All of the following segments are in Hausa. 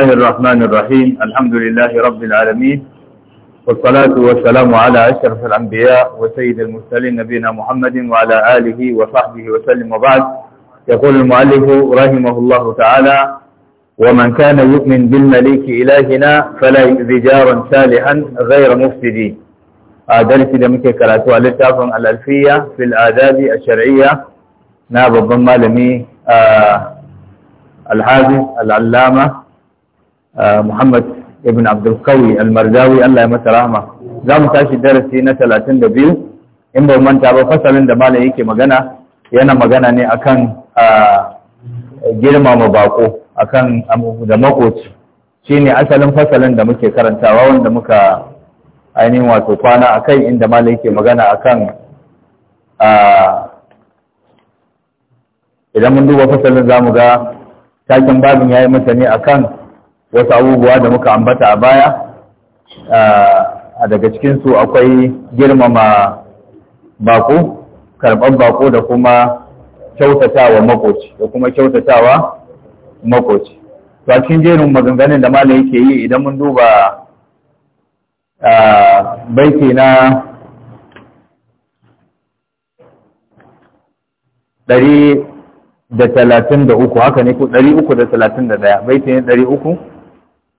الله الرحمن الرحيم الحمد لله رب العالمين والصلاة والسلام على أشرف الأنبياء وسيد المرسلين نبينا محمد وعلى آله وصحبه وسلم وبعد يقول المؤلف رحمه الله تعالى ومن كان يؤمن بالمليك إلهنا فلا يؤذي جارا صالحا غير مفسدين آه، درس دمك كراتو على الألفية في الآداب الشرعية ناب ضمالمي آه، الحافظ العلامة Muhammad ibn Abdul Kawi al-Mardawi Allah ya masa rahama za mu tashi darasi na talatin da biyu in ba manta ba fasalin da malam yake magana yana magana ne akan girmama bako akan da makoci shine asalin fasalin da muke karantawa wanda muka ainihin wato kwana akai inda malam yake magana akan idan mun duba fasalin zamu ga takin babin ya yi masa ne akan wasu abubuwa da muka ambata a baya a daga cikinsu akwai girmama bako karɓar bako da kuma kyautatawa makoci da kuma kyautatawa makoci to a cikin jerin maganganun da malam yake yi idan mun duba baiti na ɗari da talatin da uku haka ne ko ɗari uku da talatin da ɗaya baiti ne ɗari uku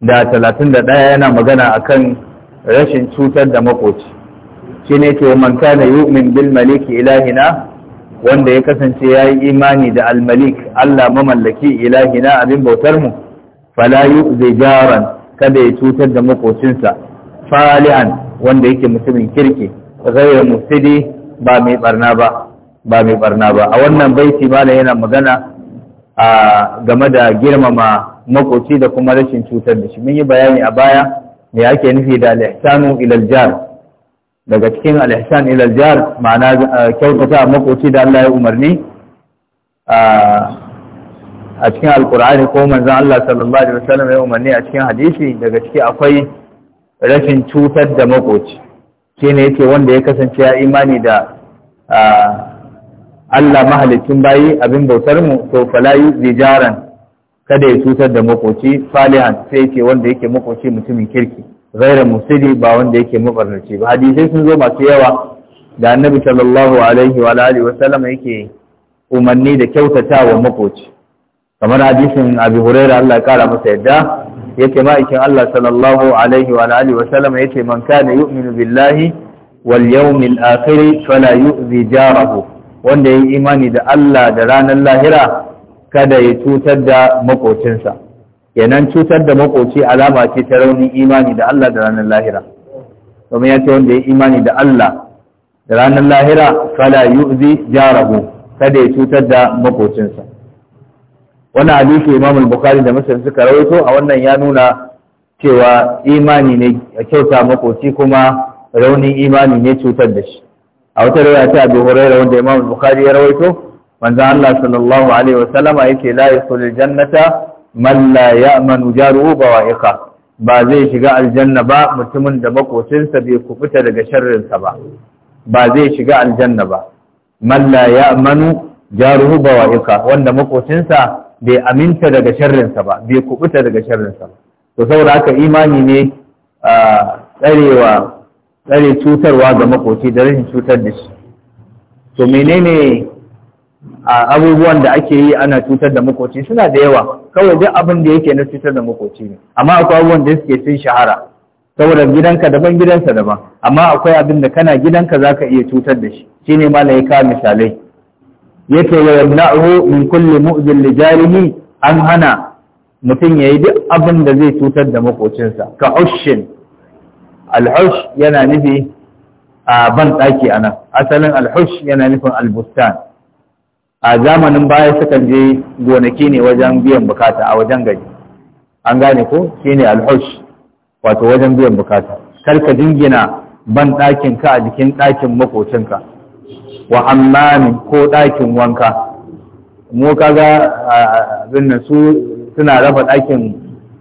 da talatin da ɗaya yana magana a kan rashin cutar da makoci shi ne ke man kana yu'min bil maliki ilahina wanda ya kasance ya yi imani da almalik Allah mamallaki ilahina abin bautar mu Falayu zai jaran kada ya cutar da makocinsa fali'an wanda yake mutumin kirki ghayr mufsidi ba mai barna ba ba mai barna ba a wannan baiti malam yana magana a game da girmama makoci da kuma rashin cutar da shi mun yi bayani a baya me ake nufi da al-ihsanu ila al-jar daga cikin al-ihsan ila al-jar ma'ana eh, kyautata makoci da Allah ya umarni a cikin alkur'ani ko manzon Allah sallallahu alaihi wasallam ya umarni a cikin hadisi daga ciki akwai rashin cutar da makoci shine yake wanda ya kasance ya imani da Allah mahalicin bayi abin bautar mu to fala kada ya cutar da makoci falihan sai ce wanda yake makoci mutumin kirki ghaira musili ba wanda yake mabarnaci ba hadisai sun zo masu yawa da annabi sallallahu alaihi wa alihi wa sallam yake umarni da kyautatawa makoci kamar hadisin abi hurairah Allah ya kara masa yadda yake ma'aikin Allah sallallahu alaihi wa alihi wa sallam yace man kana yu'minu billahi wal yawmil akhir fala yu'zi jarahu wanda yayi imani da Allah da ranar lahira kada ya cutar da makocinsa kenan cutar da makoci alama ce ta raunin imani da Allah da ranar lahira domin ya ce wanda ya imani da Allah da ranar lahira fala yu'zi jarahu kada ya cutar da makocinsa wannan hadisi Imam al-Bukhari da Muslim suka rawaito a wannan ya nuna cewa imani ne a kyauta makoci kuma raunin imani ne cutar da shi a wata riwaya ta Abu Hurairah wanda Imam al-Bukhari ya rawaito manzo Allah sallallahu alaihi wasallam yake la yasul jannata man la ya'manu jaruhu bawa'iqa ba zai shiga aljanna ba mutumin da makocinsa bai kubuta daga sharrinsa ba ba zai shiga aljanna ba man la ya'manu jaruhu bawa'iqa wanda makocinsa bai aminta daga sharrinsa ba bai kubuta daga sharrinsa ba to saboda haka imani ne a tsarewa tsare cutarwa ga makoci da rashin cutar da shi to menene A abubuwan da ake yi ana cutar da makoci suna da yawa kawai duk abin da yake na cutar da makoci ne amma akwai abubuwan da suke sun shahara saboda gidanka daban gidansa daban amma akwai abin da kana gidanka zaka iya cutar da shi shine malai ka misalai yake wa yamna'u min kulli mu'zin li jarihi an hana mutum yayi duk abin da zai cutar da makocinsa ka hushin alhush yana nufi a ban a nan, asalin alhush yana nufin albustan a zamanin baya sukan je gonaki ne wajen biyan bukata a wajen gari an gane ko shine alhush wato wajen biyan bukata kar ka jingina ban ɗakin ka a jikin ɗakin makocinka wa hammami ko ɗakin wanka mu kaga abin nan su suna raba ɗakin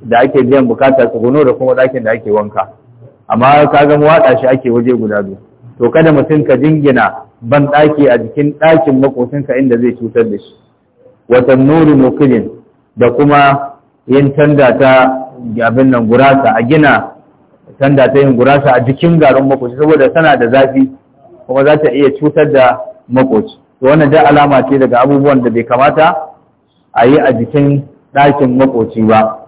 da ake biyan bukata tsuguno da kuma ɗakin da ake wanka amma kaga mu waɗa shi ake waje guda biyu to kada mutum ka jingina ban ɗaki a jikin ɗakin makocinka inda zai cutar da shi wata nuri mukilin da kuma yin tanda ta abin nan gurasa a gina tanda ta yin gurasa a jikin garin makoci saboda tana da zafi kuma za ta iya cutar da makoci to wannan da alama ce daga abubuwan da bai kamata a yi a jikin ɗakin makoci ba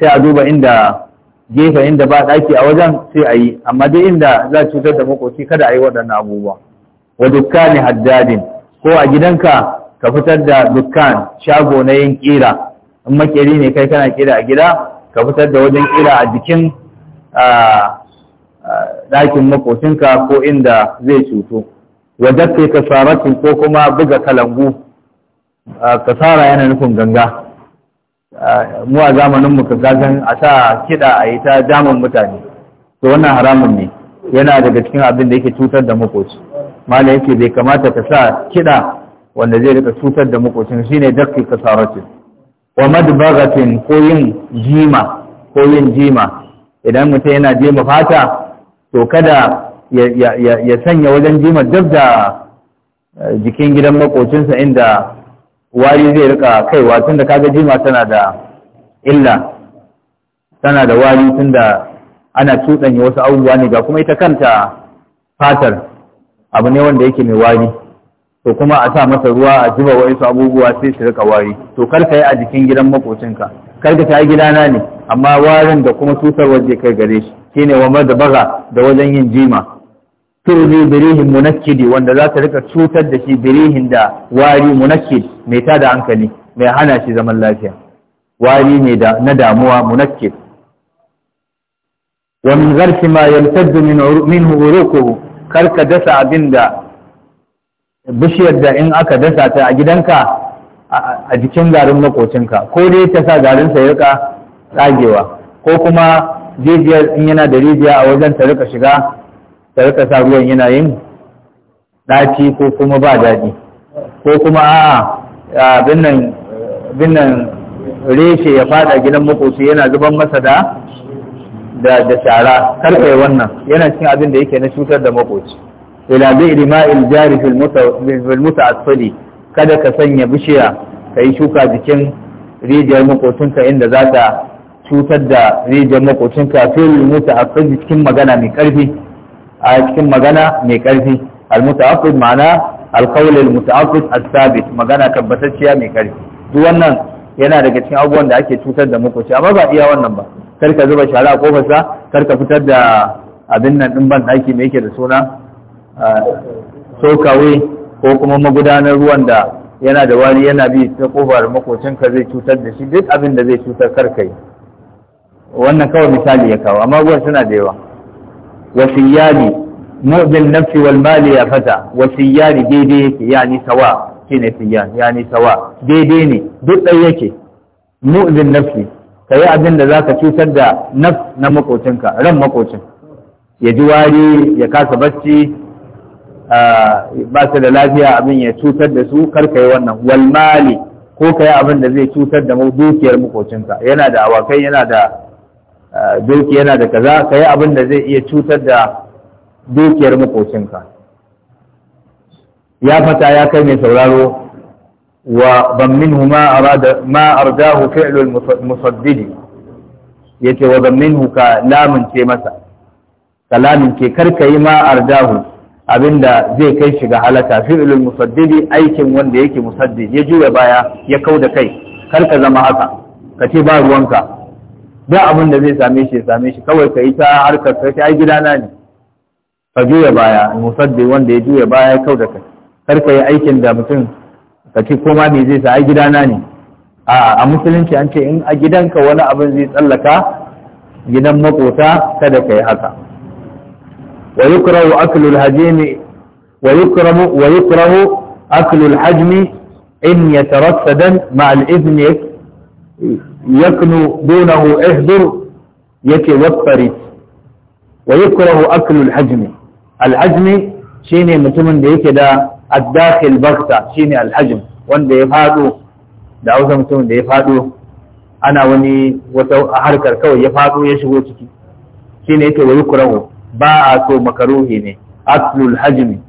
sai a duba inda gefe inda ba ɗaki a wajen sai a yi amma dai inda za cutar da makoci kada a yi waɗannan abubuwa wa dukkani haddadin ko a gidanka ka fitar da dukkan shago na yin kira in makeri ne kai kana kira a gida ka fitar da wajen kira a jikin ɗakin makocinka ko inda zai cuto wa dakke kasaratin ko kuma buga kalangu kasara yana nufin ganga mu a zamanin mu san a sa kiɗa a yi ta damun mutane to wannan haramun ne yana daga cikin abin da yake cutar da makoci mala yake bai kamata ka sa kiɗa wanda zai rika cutar da makocin shine dakki kasaratin wa madbagatin ko yin jima ko yin jima idan mutum yana jima fata to kada ya sanya wajen jima duk da eh, jikin gidan makocinsa inda wari zai rika kaiwa tun tunda kaga jima tana da illa tana da wari tun da ana cuɗanya wasu abubuwa ne ga kuma ita kanta fatar abu ne wanda yake mai wari to kuma a sa masa ruwa a zuba wasu abubuwa sai su rika wari to kar ka yi a jikin gidan makocinka kar ka ta gidana ne amma warin da kuma tutar waje kai gare shi shine wa da baga da wajen yin jima turbi birihin munakkidi wanda za ta rika cutar da shi birihin da wari munakkid mai tada hankali mai hana shi zaman lafiya wari ne da na damuwa munakkid wa min gharfi ma yamtaddu min uruquhu kar ka dasa abin da bishiyar da in aka dasa ta a gidanka a jikin garin makocinka ko dai ta sa garinsa ya tsagewa ko kuma jijiyar in yana da rijiya a wajen ta rika shiga ta rika sa ruwan yana yin ɗaci ko kuma ba daɗi ko kuma a'a binnan reshe ya fada gidan makoci yana zuban masa da da da shara kar yi wannan yana cikin abin da yake na cutar da makoci ila bi'ri jari fil muta'assili kada ka sanya bishiya kai shuka jikin rijiyar makocinka inda za ta cutar da rijiyar makocinka fil cikin magana mai karfi a cikin magana mai karfi al muta'assil ma'ana al qawl al muta'assil magana tabbatacciya mai karfi duk wannan yana daga cikin abubuwan da ake cutar da makoci amma ba iya wannan ba kar ka zuba shara a kofarsa kar ka fitar da abin nan din ban daki mai yake da suna sokawe ko kuma magudanar ruwan da yana da wari yana bi ta kofar ka zai cutar da shi duk abin da zai cutar kar kai wannan kawai misali ya kawo amma gwar suna da yawa wasiyari mu'min nafsi wal mali ya fata yari daidai yake yani sawa shine tiyan yani sawa daidai ne duk ɗaya yake mu'zin nafsi ka yi abin da zaka cutar da nafs na makocinka ran makocin ya ji wari ya kasa bacci ba su da lafiya abin ya cutar da su kar ka yi wannan walmali ko ka yi abin da zai cutar da dukiyar makocinka yana da awakai yana da doki yana da kaza ka yi abin da zai iya cutar da dukiyar makocinka ya fata ya kai mai sauraro wa ban minhu ma arada ma ardahu al musaddidi yace wa ban minhu ka lamun ce masa kalamin ke karkai ma ardahu abinda zai kai shi ga halaka al musaddidi aikin wanda yake musaddi ya juya baya ya kauda kai kar ka zama haka ka ce ba ruwanka duk abin da zai same shi ya same shi kawai ka yi ta harkar ka ai gidana ne ka juya baya musaddi wanda ya juya baya ya kauda kai karka yi aikin da mutum ka ce koma me zai sa ai gidana ne a musulunci an ce in a gidanka wani abin zai tsallaka gidan makota kada ka yi haka wa yukrahu aklul hajimi wa yukrahu wa yukrahu aklul hajmi in yataraddadan ma al idn yaknu dunahu ihdur yake wattari wa yukrahu aklul hajmi al hajmi shine mutumin da yake da addakil bakta shine alhajm wanda ya fado da hausa mutum da ya fado ana wani wata harkar kawai ya fado ya shigo ciki shine yake wa yukrahu ba a so makaruhi ne aslul hajmi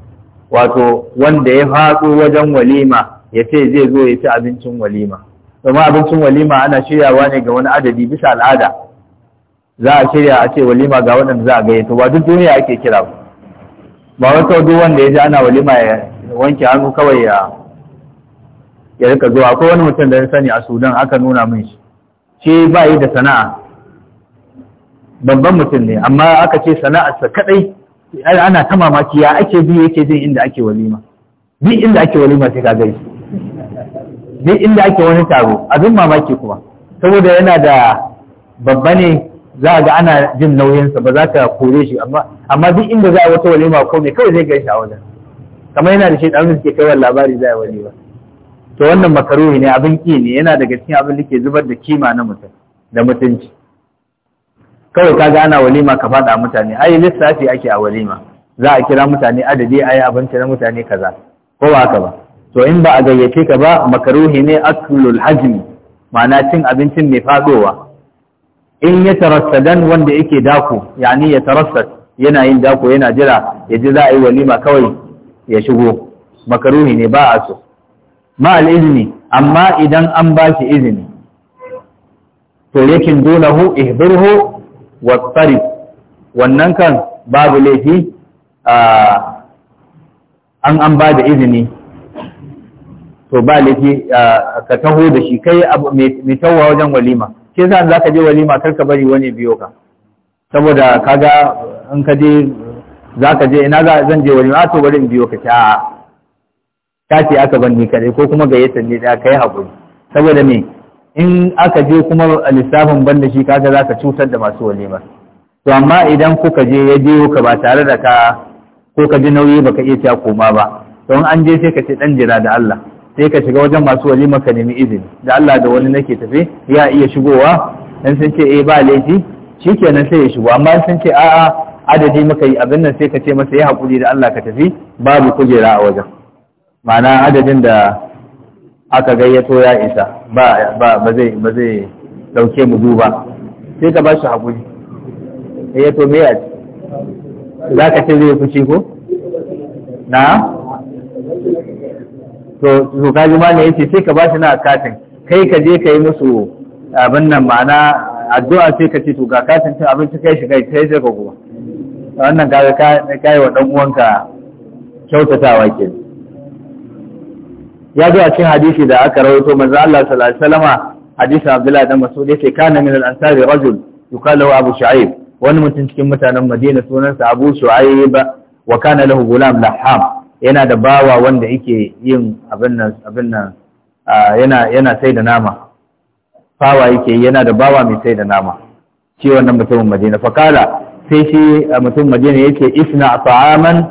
wato wanda ya fado wajen walima ya ce zai zo ya ci abincin walima domin abincin walima ana shiryawa ne ga wani adadi bisa al'ada za a shirya a ce walima ga waɗanda za a gayyato ba duk duniya ake kira ba wata duk wanda ya ji ana walima ya wanke hannu kawai ya ya rika zuwa akwai wani mutum da ya sani a sudan aka nuna min shi ce ba yi da sana'a babban mutum ne amma aka ce sana'arsa kadai ana ta mamaki ya ake bi yake jin inda ake walima bi inda ake walima sai ka gaisu. bi inda ake wani taro abin mamaki kuma saboda yana da babba ne za ga ana jin nauyinsa ba za ka kore shi amma duk inda za a wata walima ko me kawai zai gaishe a wajen kamar yana da shi ɗan suke kai labari zai wani ba to wannan makaruhi ne abin ki ne yana daga cikin abin da ke zubar da kima na mutum da mutunci kawai kaga ana walima ka faɗa mutane ai lissafi ake a walima za a kira mutane adadi a yi abinci na mutane kaza ko ba haka ba to in ba a gayyace ka ba makaruhi ne aklul hajmi ma'ana cin abincin mai faɗowa. in ya tarassadan wanda yake dako yani ya tarassad yana yin dako yana jira ya ji za a yi walima kawai ya shigo makaruhi ne ba a so ma'al izini amma idan an ba shi izini to yakin hu ihbirhu wa tsari wannan kan babu laifi an an ba da izini to ba laifi ka taho da shi kai mai tawa wajen walima ke za ka je walima kar ka bari wani biyo ka saboda kaga in ka je za ka je ina za zan je wani ma ah, to bari biyo ka ci a'a ka ce aka ban ni kadai ko kuma gayyatar ne da kai haƙuri saboda me in aka je kuma lissafin ban da shi kaga za ka cutar da masu walima to amma idan kuka je ya biyo ka ba tare da ka ko ka ji nauyi baka iya cewa koma ba to an je sai ka ce dan jira da Allah sai ka shiga wajen masu walima ka nemi izini da Allah da wani nake tafe ya iya shigowa dan sun ce eh ba laifi shikenan sai ya shigo amma sun ce a'a adadi muka yi abin nan sai ka ce masa ya haƙuri da Allah ka tafi babu kujera a wajen ma'ana adadin da aka gayyato ya isa ba zai dauke mu duba sai ka ba shi haƙuri ya eh, to me ya za ka ce zai fushi ko na to to kaji ma ne yace sai ka ba shi na katin kai ka je ka yi musu abin nan ma'ana addu'a sai ka ce to ga katin cin abinci kai shi kai sai ka kuma wannan kaga kai wa dan uwanka kyautatawa ke ya zo a cikin hadisi da aka rawaito manzo Allah sallallahu alaihi wasallama Abdullahi Abdullah dan Mas'ud yace kana min al-ansari rajul yuqalu Abu Shu'aib wani mutum cikin mutanen Madina sunansa Abu Shu'aib wa kana lahu gulam laham yana da bawa wanda yake yin abin nan abin nan yana yana sai da nama fawa yake yana da bawa mai sai da nama shi wannan mutumin Madina fakala sai shi mutum madina yake isna ta'aman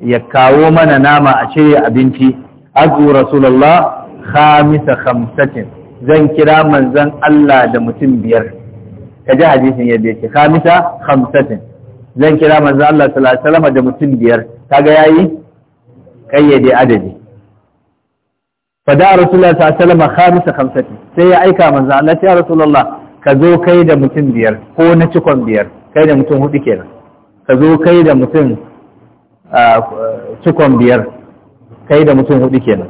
ya kawo mana nama a shirya abinci azu rasulullah khamisa khamsatin zan kira manzon Allah da mutum biyar Ka ji hadisin yadda yake khamisa khamsatin zan kira manzon Allah sallallahu alaihi wasallam da mutum biyar kaga yayi kayyade adadi fada rasulullah sallallahu alaihi wasallam khamisa khamsatin sai ya aika manzon Allah ya rasulullah ka zo kai da mutum biyar ko na cikon biyar kai da mutum hudu kenan ka zo kai da mutum cikon biyar kai da mutum hudu kenan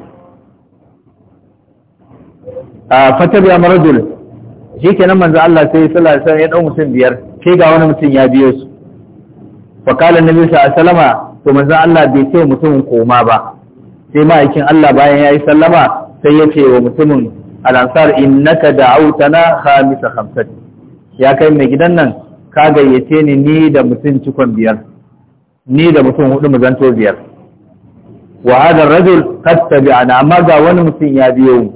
a fatabi amarajul shi kenan manzo Allah sai sallallahu alaihi wasallam ya dau mutum biyar ke ga wani mutum ya biyo su fa qala nabi sallallahu alaihi to manzo Allah bai ce mutumin koma ba sai ma'aikin Allah bayan yayi sallama sai ya ce wa mutumin al-ansar innaka da'awtana khamisa khamsat ya kai mai gidan nan ka gayyace ni ni da mutum cikon biyar ni da mutum hudu mu zanto biyar wa hada rajul qad tabi'ana amma ga wani mutum ya biyo mu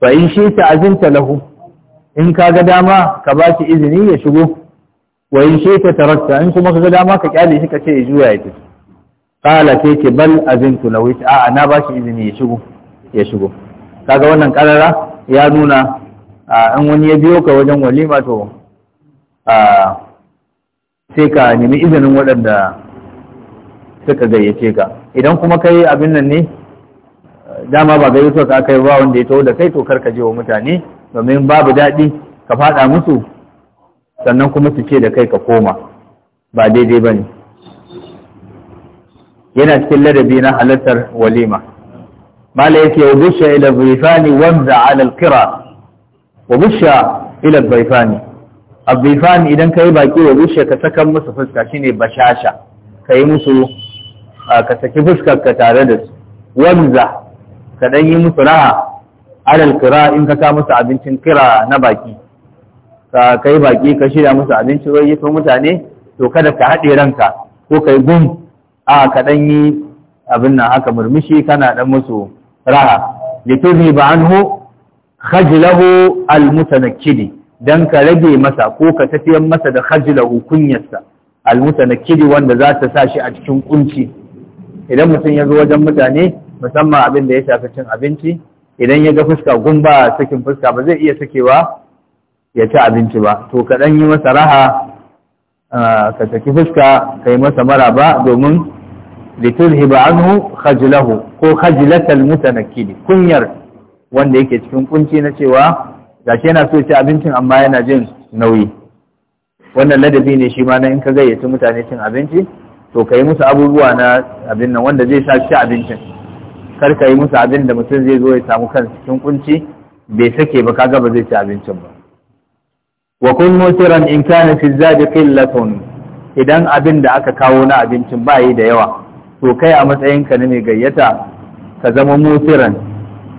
fa in shi ta azinta lahu in ka ga dama ka ba shi izini ya shigo wa in shi ta tarakta in kuma ka ga dama ka kyale shi ka ce ya juya ya tafi qala ke ce bal azintu lahu a'a na ba shi izini ya shigo ya shigo kaga wannan karara ya nuna in wani ya biyo ka wajen walima to sai ka nemi izinin waɗanda suka gayyace ka idan kuma kai abin nan ne dama ba gayyato ka aka ba wanda ya taho da kai to karka je wa mutane domin babu daɗi ka faɗa musu sannan kuma su ce da kai ka koma ba daidai ba ne yana cikin ladabi na halartar walima mala yake wa busha ila zaifani wanza ala alqira wa busha ila zaifani abifan idan ka yi baki wa rushe ka sakan musu fuska shine bashasha ka yi musu ka saki fuskar ka tare da su wanza ka dan yi musu raha alal kira in ka sa musu abincin kira na baki ka kai baki ka shirya musu abinci wai yi mutane to kada ka haɗe ranka ko ka yi gum a ka dan yi abin nan haka murmushi kana ɗan musu raha liturhi ba anhu khajlahu almutanakkidi dan ka rage masa ko ka tafiyar masa da hajjila kunyarsa almutanakiri wanda za ta sa shi a cikin kunci idan mutum ya zo wajen mutane musamman abin da ya shafi cin abinci idan ya ga fuska gumba sakin fuska ba zai iya sakewa ya ci abinci ba to ka dan yi masa raha ka saki fuska ka yi masa ba, domin litulhiba anhu khajlahu ko khajlatal mutanakkidi kunyar wanda yake cikin kunci na cewa ga shi yana so ya ci abincin amma yana jin nauyi wannan ladabi ne shi ma na in ka gayyaci mutane cin abinci to ka yi musu abubuwa na abin nan wanda zai sa ci abincin kar ka yi musu abin da mutum zai zo ya samu kan cikin kunci bai sake ba kaga ba zai ci abincin ba wa kun mutiran in kana fi zabi qillatun idan abin da aka kawo na abincin ba yi da yawa to kai a matsayinka na mai gayyata ka zama mutiran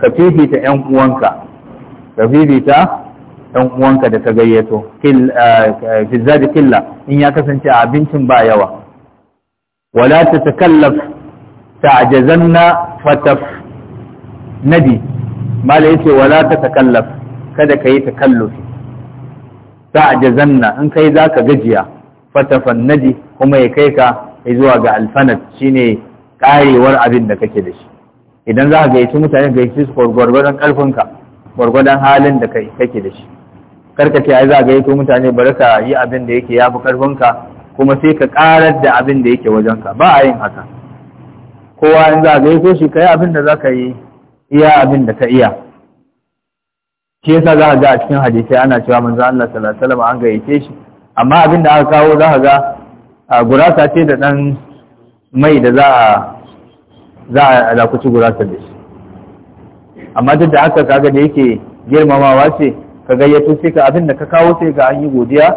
ka fifita yan uwanka ka fifita ɗan uwanka da ka gayyato eh, eh, fizza da killa in ya kasance a abincin ba yawa wala ta takallaf ta'jazanna fataf nadi mala yace wala ta takallaf kada ka yi takallufi ta'jazanna in kai zaka gajiya fatafan nadi kuma ya kai ka zuwa ga alfanat shine karewar abin da kake da shi idan za ka gayyaci mutane gayyaci su gwargwaron ƙarfinka. gwargwadon halin da kai kake da shi karka ce ai za ga yake mutane bari ka yi abin da yake yafi karfinka kuma sai ka karar da abin da yake ka, ba a yin haka kowa in za ga yake shi kai abin da za ka yi iya abin da ka iya shi yasa za ga a cikin hadisi ana cewa manzo Allah sallallahu alaihi an gayyace shi amma abin da aka kawo za ga a gurasa ce da dan mai da za a za a lakuci gurasa da shi amma duk da haka kaga da yake girmamawa ce ka gayyato sai ka abin da ka kawo sai ka an yi godiya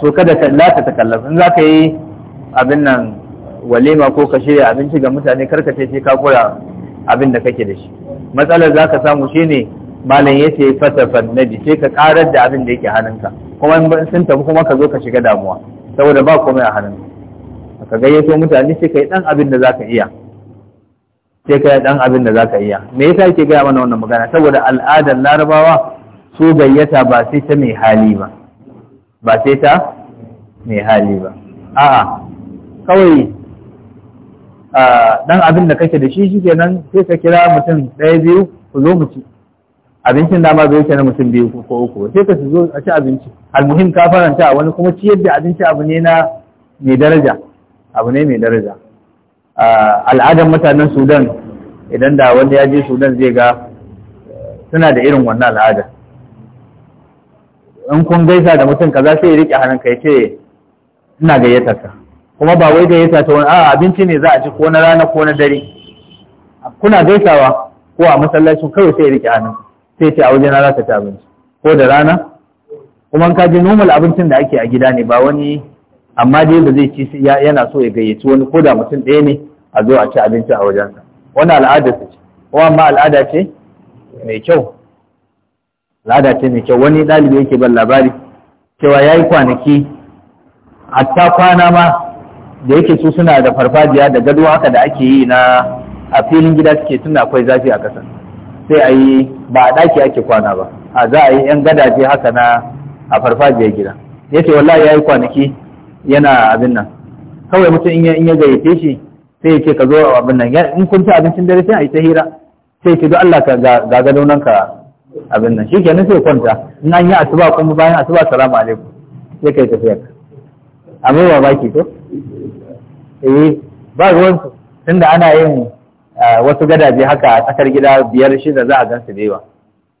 so kada ka lata ta kallafa in zaka yi abin nan walima ko ka shirya abinci ga mutane karka ce sai ka koya abin da kake da shi matsalar za ka samu shi ne malam ya yace na ji, sai ka karar da abin da yake ka, kuma in sun tafi kuma ka zo ka shiga damuwa saboda ba komai a hannunka ka gayyato mutane sai ka yi dan abin da za ka iya sai ka dan abin da zaka iya me yasa yake gaya mana wannan magana saboda al'adar larabawa su gayyata ba sai ta mai hali ba ba sai ta mai hali ba a'a kawai dan abin da kake da shi shikenan sai ka kira mutum ɗaya biyu ku zo mu ci abincin dama zo kenan mutum biyu ko uku sai ka zo a ci abinci almuhim ka faranta wani kuma ciyar da abinci abu ne na mai daraja abu ne mai daraja Ah, al'adar mutanen sudan idan da wanda ya je sudan zai ga suna da irin wannan al'ada in kun gaisa da mutum kaza sai ya rike hannunka ya ce ina gayyatar ka kuma ba wai gayyata ta wani abinci ne za a ci ko na rana ko na dare kuna gaisawa ko a masallaci kawai sai ya rike hannun sai ce a wajen rana ka ci abinci ko da rana kuma ka ji normal abincin da ake a gida ne ba wani amma dai ba zai ci yana so ya gayyaci wani ko da mutum ɗaya ne a zo a ci abinci a wajensa wani al'ada su ce ko amma al'ada ce mai kyau al'ada ce mai kyau wani ɗalibi yake ban labari cewa ya yi kwanaki hatta kwana ma da yake su suna da farfajiya da gado haka da ake yi na a filin gida suke tun akwai zafi a ƙasa sai a yi ba a ɗaki ake kwana ba a za a yi 'yan gadaje haka na a farfajiyar gida ya ce wallahi ya yi kwanaki yana abin nan kawai mutum in ya gayyace shi sai ya ce ka zo abin nan in kun ci abincin dare sai a yi ta hira sai ce don Allah ka ga gado nan ka abin nan shi kenan sai kwanta in an yi asuba kuma bayan asuba salamu alaikum sai kai tafiya ka amma ba baki to eh ba ruwan su tunda ana yin wasu gadaje haka a tsakar gida biyar shida za a gan su da yawa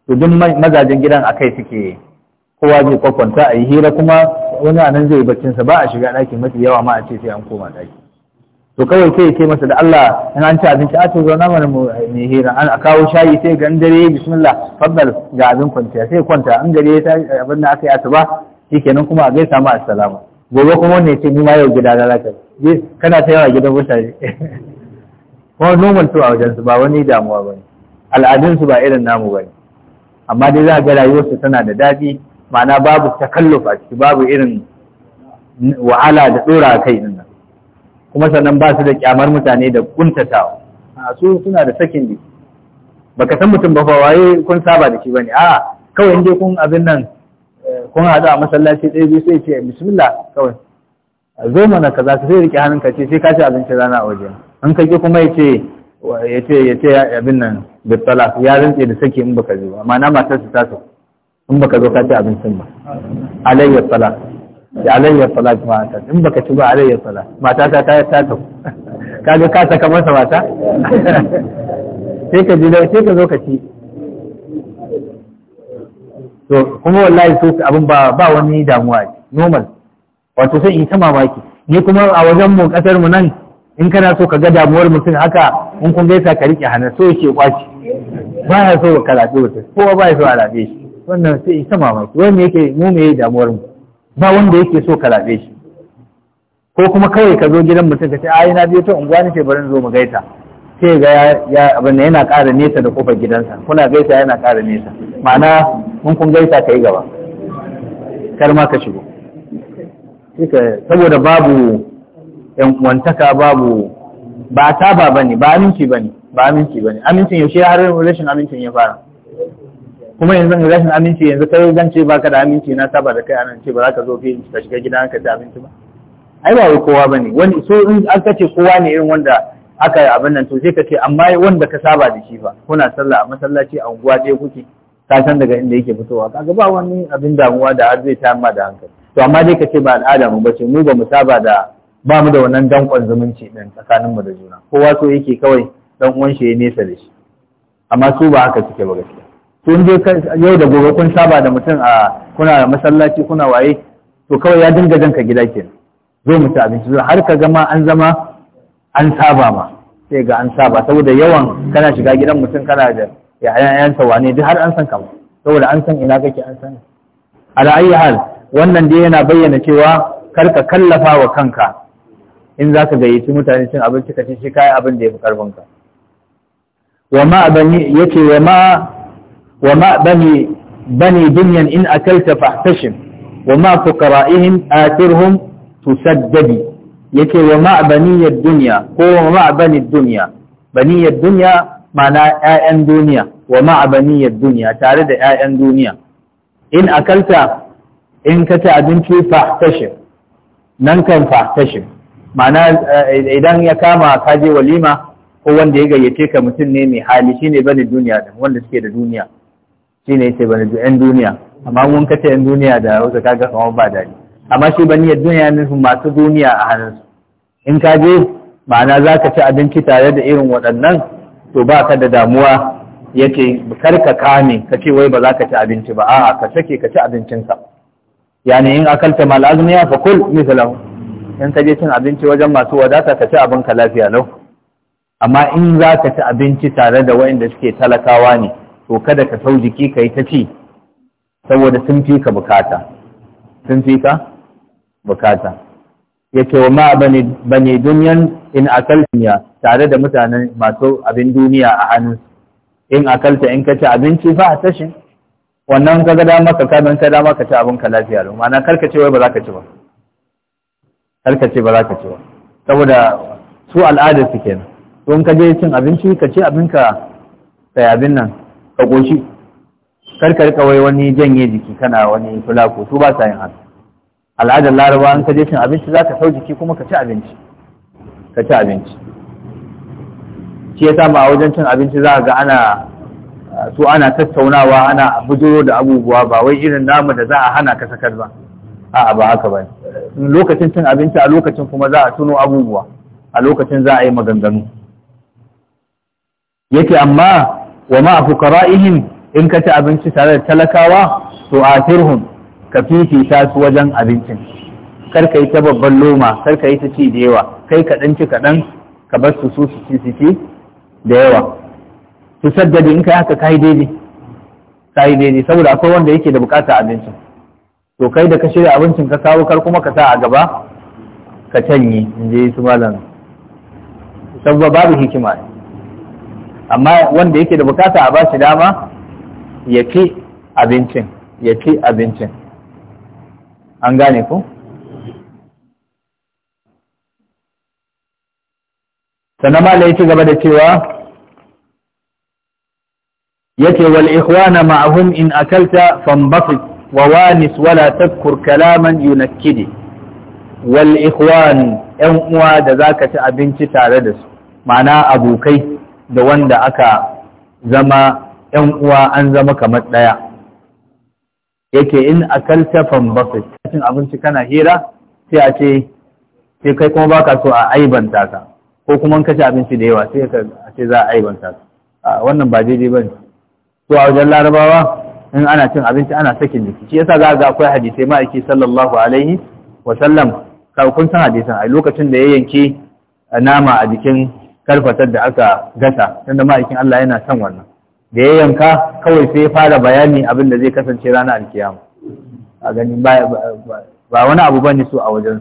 to duk mazajen gidan a kai suke kowa zai kwakwanta a yi hira kuma wani anan zai yi baccinsa ba a shiga ɗaki mafi yawa ma a ce sai an koma ɗaki to kawai sai ce masa da Allah in an ci abinci a to zauna mana mu mai hira an kawo shayi sai ga dare bismillah faddal ga abin kwanciya sai kwanta an gare ta abin da aka yi asuba shikenan kuma a gaisa ma assalamu gobe kuma wannan yace ni ma yau gida da zaka je kana ta yawa gidan mutane kuma normal to a wajen su ba wani damuwa bane al'adun su ba irin namu bane amma dai za ga rayuwar su tana da daɗi ma'ana babu takalluf a ciki babu irin wahala da dora kai din nan kuma sannan ba su da kyamar mutane da kuntatawa su suna da sakin jiki baka san mutum ba fa waye kun saba da shi bane a kawai in kun abin nan eh, kun haɗu a masallaci ɗaya biyu sai ce bismillah kawai zo mana kaza ka sai rike hannun ka ce sai ka ci abinci rana a waje in ka kuma ya ce ya ce ya ce abin nan bittala ya rantse da saki in baka zo ma'ana matar su ta so in baka zo ka ci abincin ba alayya talaq da alayya salatu ma ta in baka ci ba alayya sala mata ta ta ta ta kaga ka saka masa mata sai ka ji sai ka zo ka ci to kuma wallahi so abin ba ba wani damuwa normal wato sai in ta mamaki ni kuma a wajen mu kasar mu nan in kana so ka ga damuwar mutum haka in kun gaisa ka rike hana so yake kwaci baya so ka kalace mutum kowa baya so a rabe shi wannan sai in ta mamaki wani yake mu me damuwar mu ba wanda yake so ka rabe shi ko kuma kawai ka zo gidan mutum ka ce ai na biyo ta unguwa ne ce bari zo mu gaita sai ga ya abin yana ƙara nesa da kofar gidansa kuna gaisa yana ƙara nesa ma'ana mun kun gaisa ka yi gaba kar ma ka shigo saboda babu yan uwantaka babu ba saba bane ba aminci bane ba aminci bane amincin yaushe har relation amincin ya fara kuma yanzu in rashin aminci yanzu kai zan ce baka da aminci na saba da kai anan ce ba za ka zo fi ka shiga gida ka ci aminci ba ai ba wai kowa bane wani so in aka ce kowa ne irin wanda aka yi abin nan to sai ka ce amma wanda ka saba da shi fa kuna sallah a masallaci a unguwa ɗaya kuke ka san daga inda yake fitowa kaga ba wani abin damuwa da har zai tayar da hankali to amma dai ka ce ba al'ada mu bace mu ba mu saba da ba mu da wannan dankon zumunci din tsakanin mu da juna kowa so yake kawai dan uwan shi ya nesa da shi amma su ba haka suke ba gaskiya kun je yau da gobe kun saba da mutum a kuna masallaci kuna waye to kawai ya dinga ka gida kenan zo mu abinci zo har ka gama an zama an saba ma sai ga an saba saboda yawan kana shiga gidan mutum kana da ya ayan wane duk har an san kama saboda an san ina kake an san ala ayi hal wannan dai yana bayyana cewa kar ka kallafa wa kanka in zaka gayyaci mutane cin abinci ka ci shi kai abin da fi karfin ka wa ma abani yace wa ma وماء بني بني دنيا إن أكلت فاحتشم وماء فقرائهم آثرهم تسددي yake wa ma'baniyar duniya ko wa ma'baniyar duniya baniyar duniya ma'ana 'ya'yan duniya wa ma'baniyar duniya tare da 'ya'yan duniya in akalta in ka ci abinci fahtashir nan kan fahtashir ma'ana idan ya kama ka je walima ko wanda ya gayyace ka mutum ne mai hali shine bane duniya wanda da duniya Shi ne ce bani yan duniya amma mun kace yan duniya da hausa kaga kamar ba dadi amma shi bani yan duniya ne masu duniya a su. in ka je ma'ana za ka ci abinci tare da irin waɗannan to ba ka da damuwa yake kar ka kame ka ce wai ba za ka ci abinci ba a'a ka sake ka ci abincinka yani in akalta mal azmiya fa kul mithlahu in ka je cin abinci wajen masu wadata ka ci abinka lafiya lau amma in za ka ci abinci tare da waɗanda suke talakawa ne to kada ka sau jiki ka yi ta ci saboda sun fi ka bukata sun fi ka bukata ya ce wa ma bane duniyan in akal duniya tare da mutanen masu abin duniya a hannun in akalta in ka ci abinci ba a tashin wannan ka gada dama ka ka dama ka ci abin ka lafiya lau ma'ana karka ce wai ba za ka ci ba karka ce ba za ka ci ba saboda su al'adar su kenan to in ka je cin abinci ka ci abin ka sai abin nan ka goshi karkar wani janye jiki kana wani fulako su ba sa yin haka al'adar laraba an ka cin abinci za ka sau jiki kuma ka ci abinci ka ci abinci shi ya samu a wajen cin abinci za ga ana su ana tattaunawa ana bujuro da abubuwa ba wai irin namu da za a hana ka sakar ba a'a ba haka ba lokacin cin abinci a lokacin kuma za a tuno abubuwa a lokacin za a yi maganganu yake amma wa ma fuqara'ihim in ka ci abinci tare da talakawa to atirhum ka fifita su wajen abincin kar ka yi ta babban loma kar ka yi ta ci da yawa kai kaɗan ci kaɗan ka bar su su su ci da yawa su saddadi in kai haka kai daidai kai daidai saboda akwai wanda yake da bukata abincin to kai da ka shirya abincin ka kawo kar kuma ka sa a gaba ka canye in je su malam saboda babu hikima ne amma wanda yake da bukata a bashi dama ya ci abincin ya ci abincin an gane ku sannan ma ya ci gaba da cewa yake wal ikhwana ma'ahum in akalta fambasit wa wanis wala tadhkur kalaman yunakkidi wal ikhwan yan uwa da zaka ci abinci tare da su ma'ana abokai da wanda aka zama ‘yan uwa an zama kamar ɗaya yake in kaltafan basu, cin abinci kana hira sai a ce sai kai kuma baka so a aibanta ka ko kuma ka ci abinci da yawa sai a ce za a aibanta ka wannan ba daidai ba ne to a wajen larabawa in ana cin abinci ana sakin jiki shi yasa za ga akwai hadisai ma'aiki sallallahu alaihi wa sallam kun san hadisan a lokacin da ya yanke nama a jikin karfatar da aka gasa tunda ma'aikin Allah yana son wannan da ya yanka kawai sai ya fara bayani abin da zai kasance rana alkiyama a gani ba wani abu ba bane so a wajen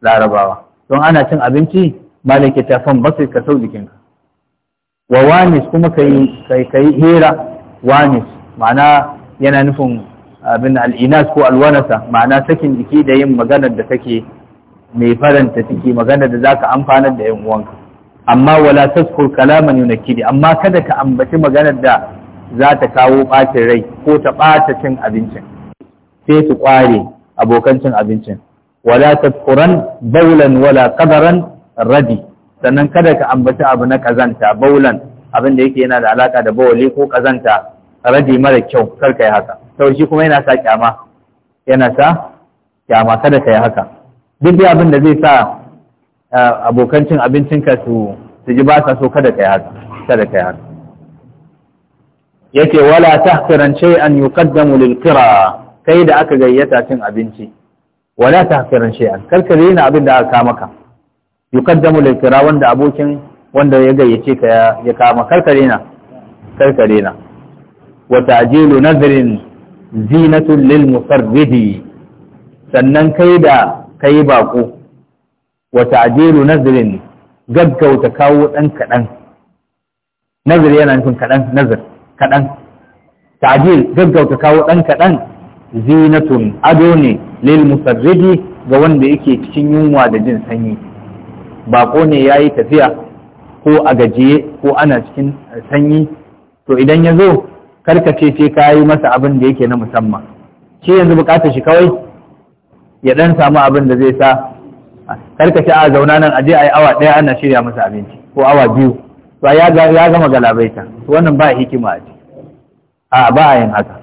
larabawa don ana cin abinci malaki ta fan sai ka sau jikinka wa wanis kuma kai kai hira wanis ma'ana yana nufin abin al'inas ko alwanasa ma'ana sakin jiki da yin maganar da take mai faranta ciki maganar da zaka amfanar da yan uwanka amma wala tasfur kalaman yunakidi amma kada ka ambaci maganar da za ta kawo ɓacin rai ko ta ɓata cin abincin sai su ƙware abokan cin abincin wala tasfuran baulan wala qadaran radi sannan kada ka ambaci abu na kazanta baulan abin da yake yana da alaka da bawali ko kazanta radi mara kyau kar ka yi haka sau shi kuma yana sa kyama yana sa kyama kada ka yi haka duk abin da zai sa abokan cin abincinka su su ji ba sa so kada kai haka kada kai haka yake wala tahqiran shay'an yuqaddamu lil qira kai da aka gayyata cin abinci wala tahqiran shay'an kalkare ne abin da aka maka yuqaddamu lil qira wanda abokin wanda ya gayyace ka ya kama kalkare na kalkare na wa ta'jilu nadrin zinatun lil musarridi sannan kai da kai bako wa ta'jilu nazrin gaggauta kawo dan kadan nazir yana nufin kadan kadan kawo dan kadan zinatun ado ne lil musarridi ga wanda yake cikin yunwa da jin sanyi bako ne yayi tafiya ko a gajiye ko ana cikin sanyi to idan ya zo karkace ce ka yi masa abin da yake na musamman shi yanzu bukatar shi kawai ya dan samu abin da zai sa karka ce a zauna nan aje a yi awa ɗaya ana shirya masa abinci ko awa biyu ba ya gama galabaita wannan ba hikima a ce a ba a yin haka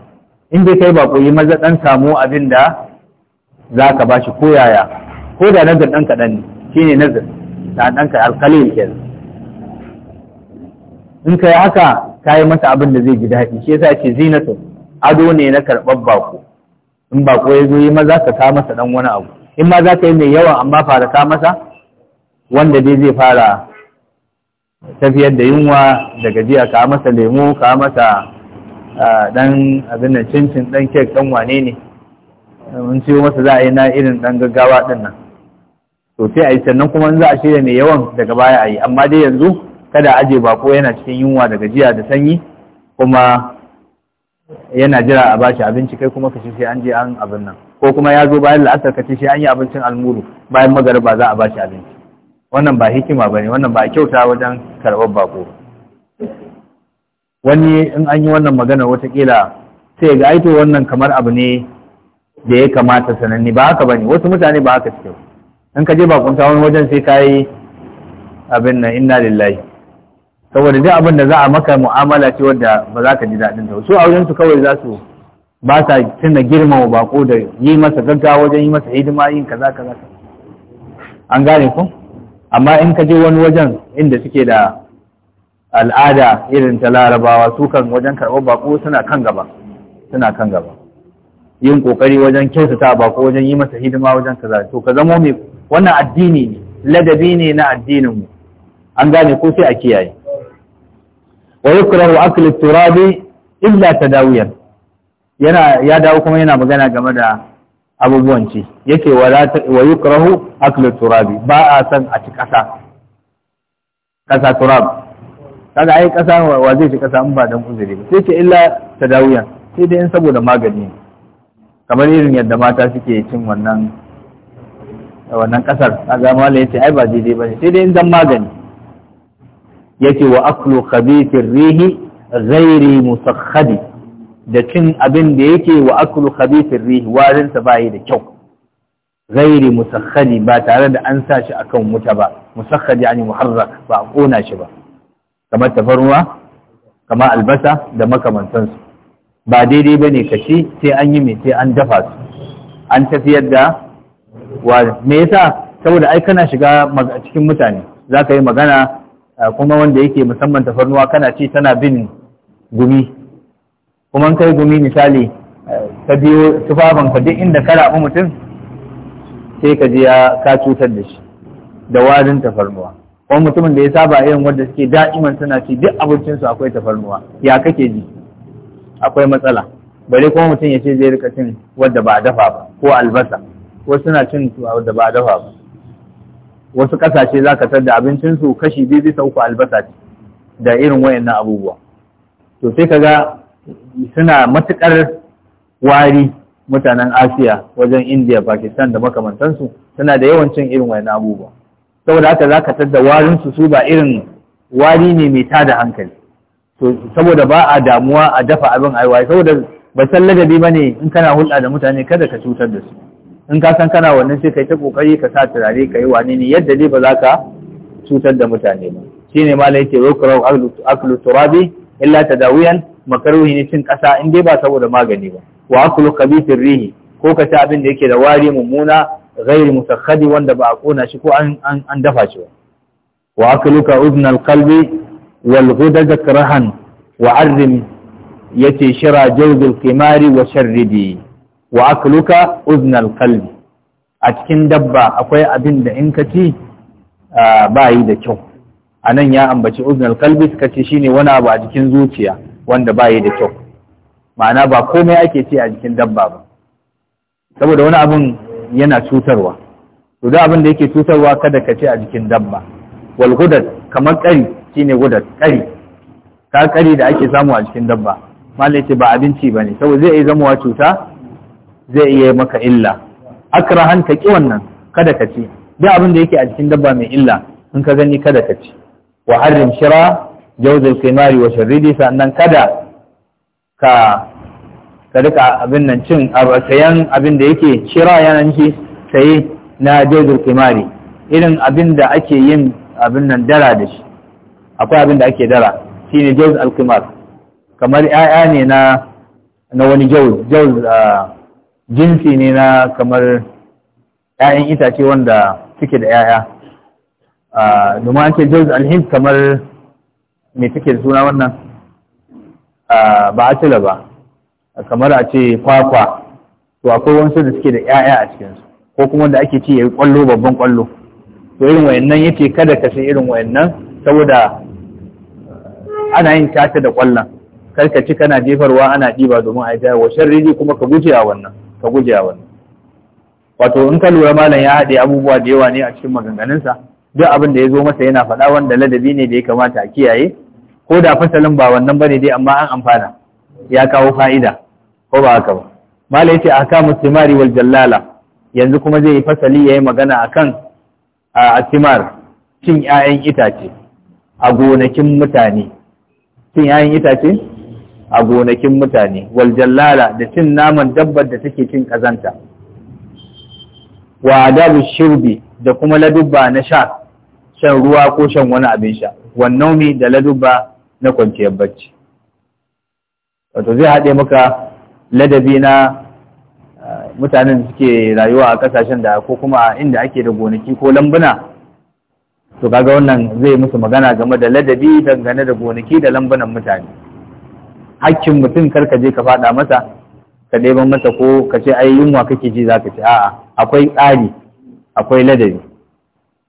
in dai kai bako yi maza ɗan samu abin da za ka ba shi ko yaya ko da nazar ɗan kaɗan ne shi ne nazar da ɗan ka alƙalil ke in ka yi haka ka yi masa abin da zai ji daɗi shi yasa ce zinatu ado ne na karɓar bako in bako ya zo yi maza ka sa masa ɗan wani abu in ma za ka yi mai yawa amma farata masa wanda dai zai fara tafiyar da yunwa da gajiya ka masa lemu ka masa dan abin nan cincin dan kek dan wane ne mun ciwo masa za a yi na irin dan gaggawa din nan to sai a yi sannan kuma za a shirya mai yawan daga baya a yi amma dai yanzu kada a aje bako yana cikin yunwa da gajiya da sanyi kuma yana jira a bashi abinci kai kuma ka shi sai an je an abin nan ko kuma ya zo bayan la'asar ka ce shi an yi abincin almuru bayan magariba za a ba shi abinci wannan ba hikima ba ne wannan ba kyauta wajen karɓar bako wani in an yi wannan magana watakila sai ga aito wannan kamar abu ne da ya kamata sananni ba haka ba ne, wasu mutane ba haka suke in ka je bakunta wani wajen sai ka yi abin nan inna lillahi saboda duk abin da za a maka mu'amala ce wadda ba za ka ji daɗin ta su a wajen su kawai za su ba sa tuna girmama bako da yi masa gaggawa wajen yi masa hidima yin kaza kaza an gane ku amma in ka je wani wajen inda suke da al'ada irin ta larabawa su kan wajen karɓar bako suna kan gaba suna kan gaba yin kokari wajen kyautata bako wajen yi masa hidima wajen kaza to ka zamo mai wannan addini ne ladabi ne na addinin mu an gane ko sai a kiyaye wa yukrahu aklu turabi illa tadawiyan yana ya dawo kuma yana magana game da abubuwan ci yake wa yukrahu aklu turabi ba a san a ci kasa kasa turab kaga ai kasa wa zai ci kasa in ba dan uzuri ba sai ce illa tadawiya sai dai in saboda magani kamar irin yadda mata suke cin wannan wannan kasar kaga malai yace ai ba daidai ba sai dai in dan magani yake wa aklu khabithir rihi ghairi musakhadi da cin abin da yake wa akulu khabithir rih warin sa bai da kyau ghairi musakhali ba tare da an sa shi akan wuta ba musakhali yani muharrak ba kona shi ba kamar tafarnuwa kamar albasa da makamantansu ba daidai bane kashi sai an yi mai sai an dafa su an tafiyar da wa me yasa saboda ai kana shiga cikin mutane zaka yi magana kuma wanda yake musamman tafarnuwa kana ci tana bin gumi kuma kai gumi misali ka biyo tufafin ka duk inda ka rabu mutum sai ka ji ka cutar da shi da warin tafarnuwa kuma mutumin da ya saba irin wanda suke da'iman suna ci duk abincinsu akwai tafarnuwa ya kake ji akwai matsala bare kuma mutum ya ce zai rika cin wadda ba a dafa ba ko albasa wasu suna cin wadda ba a dafa ba wasu kasashe za ka da abincinsu kashi biyu bisa uku albasa da irin wayannan abubuwa to sai ka ga suna matuƙar wari mutanen asiya wajen indiya pakistan da makamantansu suna da yawan cin irin wani abubuwa saboda haka za ka tadda warin su su ba irin wari ne mai tada hankali saboda ba a damuwa a dafa abin aiwai saboda ba san ladabi ba ne in kana hulɗa da mutane kada ka cutar da su in ka san kana wannan sai kai ta kokari ka sa turare ka yi wani ne yadda dai ba za ka cutar da mutane ba shine malai yake yukrahu aklu turabi illa tadawiyan makaruhi ne cin ƙasa in dai ba saboda magani ba wa akulu kabithin rihi ko ka ci abin da yake da wari mummuna ghairi musakhadi wanda ba a kona shi ko an dafa shi ba wa akulu ka uznal alqalbi wal ghudaj karahan wa arrim yace shira jawzul Kimari wa sharridi wa akluka uznal alqalbi a cikin dabba akwai abin da in ka ci ah, ba yi da kyau anan ya ambaci uznal kalbi suka ce shine wani abu a cikin zuciya wanda ba yi da kyau ma'ana ba komai ake ce a jikin dabba ba saboda wani abin yana cutarwa to abin da yake cutarwa kada ka ce a jikin dabba wal kamar kari shine gudad kari ka kari da ake samu a jikin dabba malai ce ba abinci ba ne. saboda zai iya zamowa cuta zai iya maka illa akrahan ka ki wannan kada ka ce duk abin da yake a jikin dabba mai illa in ka gani kada ka ci wa shira jawzul kimari wa sharridi sannan kada ka ka rika abin nan cin sayan abin da yake shira yana shi saye na jawzul kimari irin abin da ake yin abin nan dara da shi akwai abin da ake dara shine jawz al kimar kamar 'ya'ya ne na na wani jawz jawz jinsi ne na kamar 'ya'yan itace wanda suke da 'ya'ya domin an ce jawz al-hind kamar me take suna wannan ba a cila ba kamar a ce kwakwa to akwai wasu da suke da 'ya'ya a cikinsu ko kuma da ake ce ya kwallo babban kwallo to irin wayannan yace kada ka sai irin wayannan saboda ana yin tata da kwallon kar ka ci kana jefarwa ana ɗiba domin a yi wa sharri kuma ka guje a wannan ka guje a wannan wato in ka lura malam ya haɗe abubuwa da yawa ne a cikin maganganunsa duk abin da ya zo masa yana faɗa wanda ladabi ne da ya kamata a kiyaye ko da fasalin ba wannan bane dai amma an amfana ya kawo fa'ida ko ba haka ba mala yace aka timari wal jallala yanzu kuma zai yi fasali yayi magana akan a cin 'ya'yan itace a gonakin mutane cin itace a gonakin mutane wal jallala da cin naman dabbar da take cin kazanta wa adabu shirbi da kuma ladubba na sha shan ruwa ko shan wani abin sha wannan da ladubba na kwanciyar bacci wato zai haɗe maka ladabi na mutanen suke rayuwa a ƙasashen da ko kuma inda ake da gonaki ko lambuna to kaga wannan zai musu magana game da ladabi dangane da gonaki da lambunan mutane hakkin mutum kar ka je ka faɗa masa ka ɗeban masa ko ka ce ai yunwa kake ji za ka ce a'a akwai tsari akwai ladabi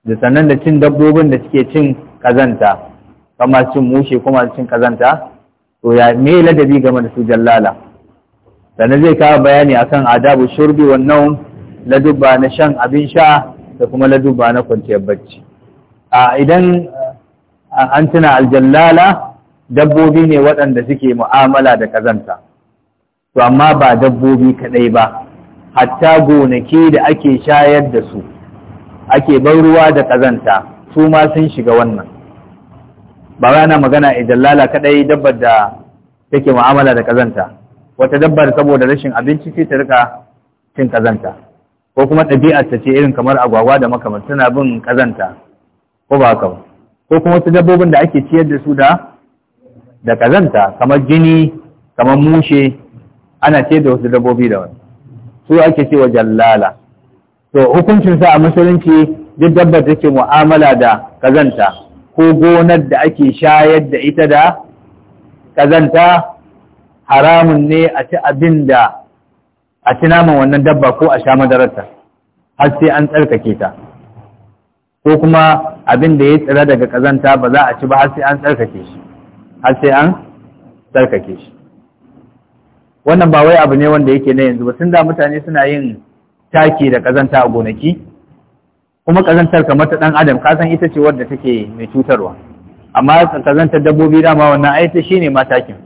da sannan da cin dabbobin da suke cin ƙazanta. kan masu cin mushe ko cin kazanta to ya me ladabi game da su jallala sannan zai kawo bayani akan adabu shurbi wannan laduba na shan abin sha da kuma laduba na kwanciyar bacci a idan an tuna aljallala dabbobi ne waɗanda suke mu'amala da kazanta to amma ba dabbobi kaɗai ba hatta gonaki da ake shayar da su ake ban ruwa da kazanta su ma sun shiga wannan ba wai ana magana a jallala kadai dabbar da take mu'amala da kazanta wata dabbar saboda rashin abinci ce ta rika cin kazanta ko kuma ɗabi'ar ta ce irin kamar agwagwa da makamar tana bin kazanta ko ba haka ko kuma wasu dabbobin da ake ciyar da su da da kazanta kamar jini kamar mushe ana ciyar da wasu dabbobi da wani su ake cewa jallala to hukuncin sa a musulunci duk dabbar take mu'amala da kazanta ko gonar da ake shayar da ita da ƙazanta haramun ne a ci abin da a ci naman wannan dabba ko a sha madararta har sai an tsarkake ta ko kuma abin da ya tsira daga ƙazanta ba za a ci ba har sai an tsarkake shi har sai an tsarkake shi wannan ba wai abu ne wanda yake na yanzu ba sun da mutane suna yin taki da ƙazanta a gonaki kuma kazantar kamar ta dan adam ka san ita ce wadda take mai cutarwa amma kazantar dabbobi dama wannan ai ta shine matakin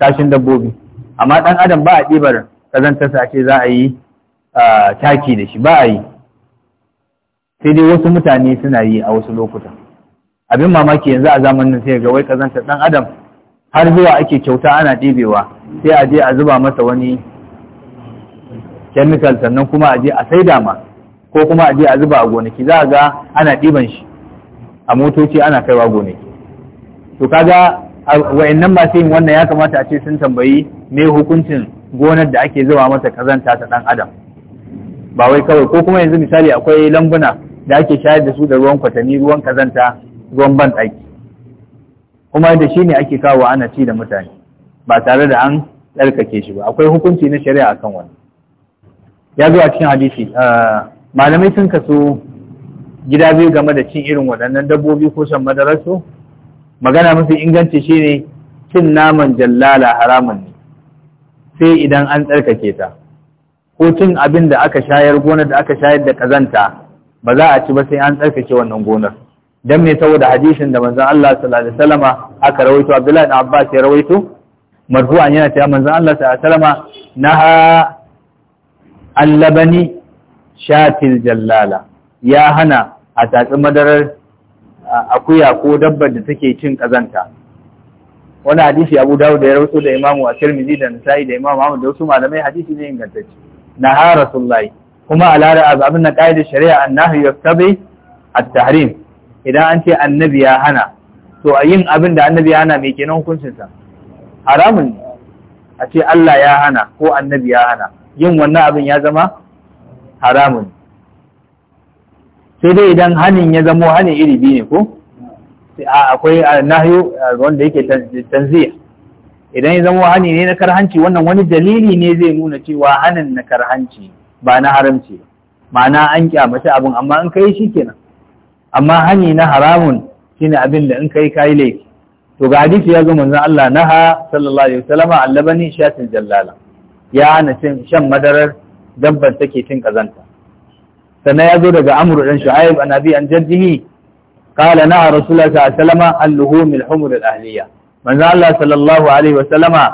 kashin dabbobi amma dan adam ba a dibar kazantar sa ce za a yi taki da shi ba a yi sai dai wasu mutane suna yi a wasu lokuta abin mamaki yanzu a zamanin sai ga wai kazantar dan adam har zuwa ake kyauta ana ɗibewa sai a je a zuba masa wani chemical sannan kuma a je a saida ma ko kuma a je a zuba a gonaki za a ga ana ɗiban shi a motoci ana kaiwa gonaki to kaga wa'annan masu yin wannan ya kamata a ce sun tambayi me hukuncin gonar da ake zuba mata kazanta ta ɗan adam ba wai kawai ko kuma yanzu misali akwai lambuna da ake shayar da su da ruwan kwatami ruwan kazanta ruwan ban kuma da shi ne ake kawo ana ci da mutane ba tare da an tsarkake shi ba akwai hukunci na shari'a akan wani ya zo a cikin hadisi ah, malamai sun kaso gida biyu game da cin irin waɗannan dabbobi ko shan madararsu magana mafi inganci shine cin naman jallala haramun ne sai idan an tsarkake ta ko cin abin da aka shayar gonar da aka shayar da kazanta ba za a ci ba sai an tsarkake wannan gonar dan me saboda hadisin da manzon Allah sallallahu alaihi wasallama aka rawaito Abdullahi ibn Abbas ya rawaito marfu'an yana cewa manzon Allah sallallahu alaihi wasallama naha al-labani shatil jallala ya hana a tatsi madarar akuya ko dabbar da take cin kazanta wani hadisi abu dawud da ya rawaito da imamu a tirmidhi da nasa'i da imamu ahmad da wasu malamai hadisi ne ingantacce naha rasulullahi kuma ala da abin na ƙa'ida shari'a annahu yaktabi at-tahrim idan an ce annabi ya hana to a yin abin da annabi ya hana me kenan hukuncin sa haramun a ce Allah ya hana ko annabi ya hana yin wannan abin ya zama haramun sai dai idan hannun ya zamo hannun iri biyu ne ko akwai nahiyu wanda yake tanziya idan ya zamo hannun ne na karhanci wannan wani dalili ne zai nuna cewa hannun na karhanci ba na haramci ba ma'ana an kyamata abin amma in kai shi kenan amma hannun na haramun shine abin da in kai kai laifi to ga hadisi ya zo manzon Allah naha sallallahu alaihi wasallam allabani shatin jallala ya hana shan madarar dabbar take cin kazanta sannan ya zo daga amru dan shu'aib an abi an jaddihi qala na rasulullah sallallahu alaihi wasallam al-luhum al-humr al-ahliya manzo Allah sallallahu alaihi wasallama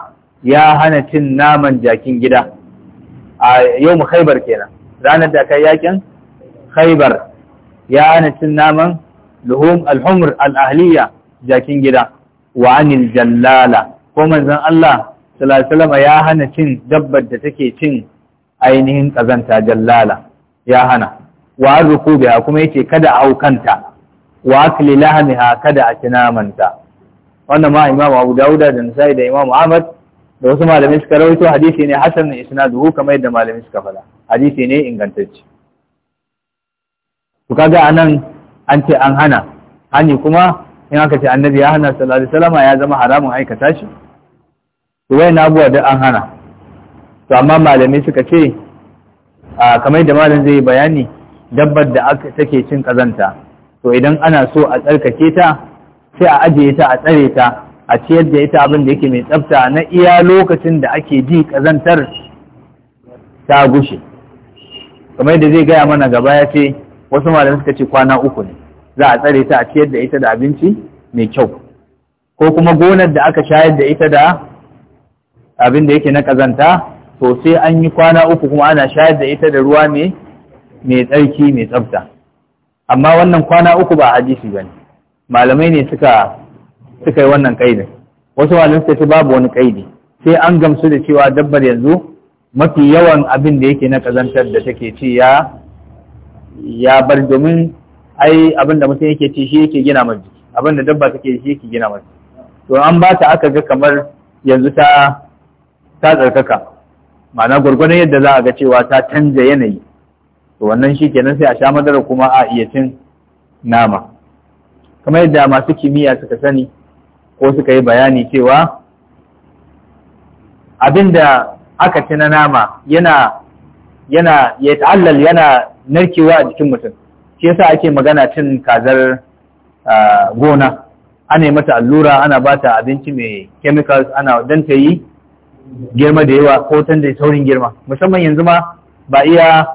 ya hana cin naman jakin gida a yau mu khaibar kenan ranar da kai yakin khaibar ya hana cin naman luhum al-humr al-ahliya jakin gida wa anil jallala ko manzon Allah sallallahu alaihi wasallam ya hana cin dabbar da take cin ainihin ƙazanta jallala ya hana wa an biya kuma yace kada a haukanta wa akli lahmiha kada a cinamanta wannan ma imamu abu dauda da nasa'i da Imam ahmad da wasu malamai suka rawaito hadisi ne hasan isnaduhu kamar yadda malamai suka fada hadisi ne ingantacce to kaga anan an ce an hana hani kuma in aka ce annabi ya hana sallallahu alaihi wasallam ya zama haramun aikata shi to na abuwa da an hana to amma malamai suka ce a kamar da malam zai bayani dabbar da take cin kazanta to idan ana so a tsarkake ta sai a ajiye ta a tsare ta a ciyar da ita abin da yake mai tsafta na iya lokacin da ake ji kazantar ta gushe kamar da zai gaya mana gaba ya ce wasu malamai suka ce kwana uku ne za a tsare ta a ciyar da ita da abinci mai kyau ko kuma gonar da aka shayar da ita da abin da yake na kazanta to sai an yi kwana uku kuma ana shayar da ita da ruwa ne mai tsarki mai tsafta amma wannan kwana uku ba hadisi ba ne malamai ne suka suka yi wannan kaidin wasu malamai suka ce babu wani kaidi sai an gamsu da cewa dabbar yanzu mafi yawan abin da yake na kazantar da take ci ya ya bar domin ai abin da mutum yake ci shi yake gina masa abin da dabba take shi yake gina masa to an ba ta aka ga kamar yanzu ta ta tsarkaka ma'ana gwargwadon yadda za a ga cewa ta canza yanayi to wannan shi kenan sai a sha madara kuma a iya cin nama kamar yadda masu kimiyya suka sani ko suka yi bayani cewa abinda aka ci na nama yana yana ya ta'allal yana narkewa a jikin mutum shi yasa ake magana cin kazar gona ana yi mata allura ana ba ta abinci mai chemicals ana don ta yi girma da yawa ko tan da saurin girma musamman yanzu ma ba iya